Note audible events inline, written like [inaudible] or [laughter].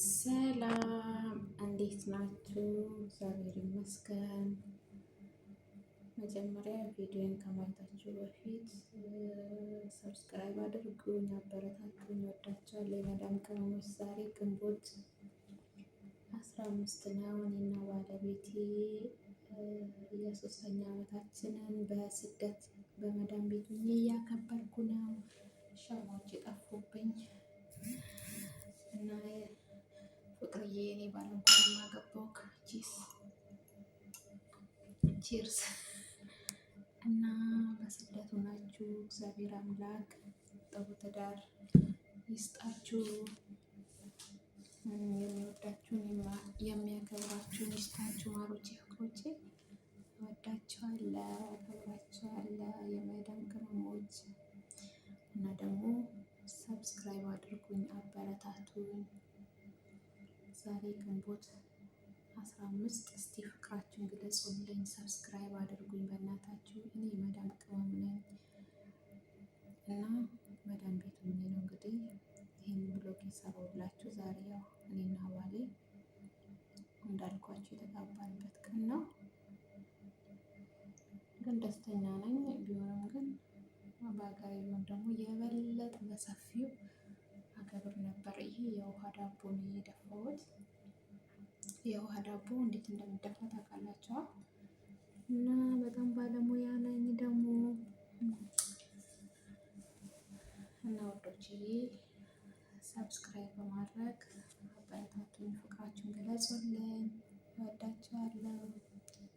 ሰላም እንዴት ናችሁ? እግዚአብሔር ይመስገን። መጀመሪያ ቪዲዮን ከማየታችሁ በፊት ሰብስክራይብ አድርጉኝ፣ አበረታቱኝ። ወዳችኋለሁ። የመዳም ቅመሞች ዛሬ ግንቦት አስራ አምስት ነው። እኔና ባለቤቴ የሶስተኛ ዓመታችንን በስደት በመዳም ቤት እያከበርኩ ነው። ሸሞች የጠፉብኝ ቆየ። እኔ ባልባል ማገባው ቺስ ቺርስ [laughs] እና በስደት ሆናችሁ እግዚአብሔር አምላክ ጥሩ ትዳር ይስጣችሁ። የሚወዳችሁን የሚያከብራችሁን ይስጣችሁ። ማሮቼ ፍቅሮቼ እወዳችኋለሁ፣ አከብራችኋለሁ። የማዳም ቅመሞች እና ደግሞ ሰብስክራይብ አድርጉኝ፣ አበረታቱኝ። ዛሬ ግንቦት 15 እስቲ ፍቅራችሁን ግለጹልኝ። ሰብስክራይብ አድርጉኝ በእናታችሁ። እኔ መዳም ቅመም ነኝ እና መዳም ቤት ምን ነው እንግዲህ ይህን ብሎግ የሰራሁላችሁ ዛሬ ያው እኔና ባሌ እንዳልኳችሁ የተጋባንበት ቀን ነው። ግን ደስተኛ ነኝ። ቢሆንም ግን በአጋሪ ደግሞ የበለጠ በሰፊው ብር ነበር። ይሄ የውሃ ዳቦ ነው የደፋሁት። የውሃ ዳቦ እንዴት እንደሚደፋ ታውቃላችኋ? እና በጣም ባለሙያ ነኝ ደግሞ እና ወዶችዬ ሰብስክራይብ በማድረግ አበረታቱኝ፣ ፍቅራችሁን ገለጹልኝ። እወዳችኋለሁ።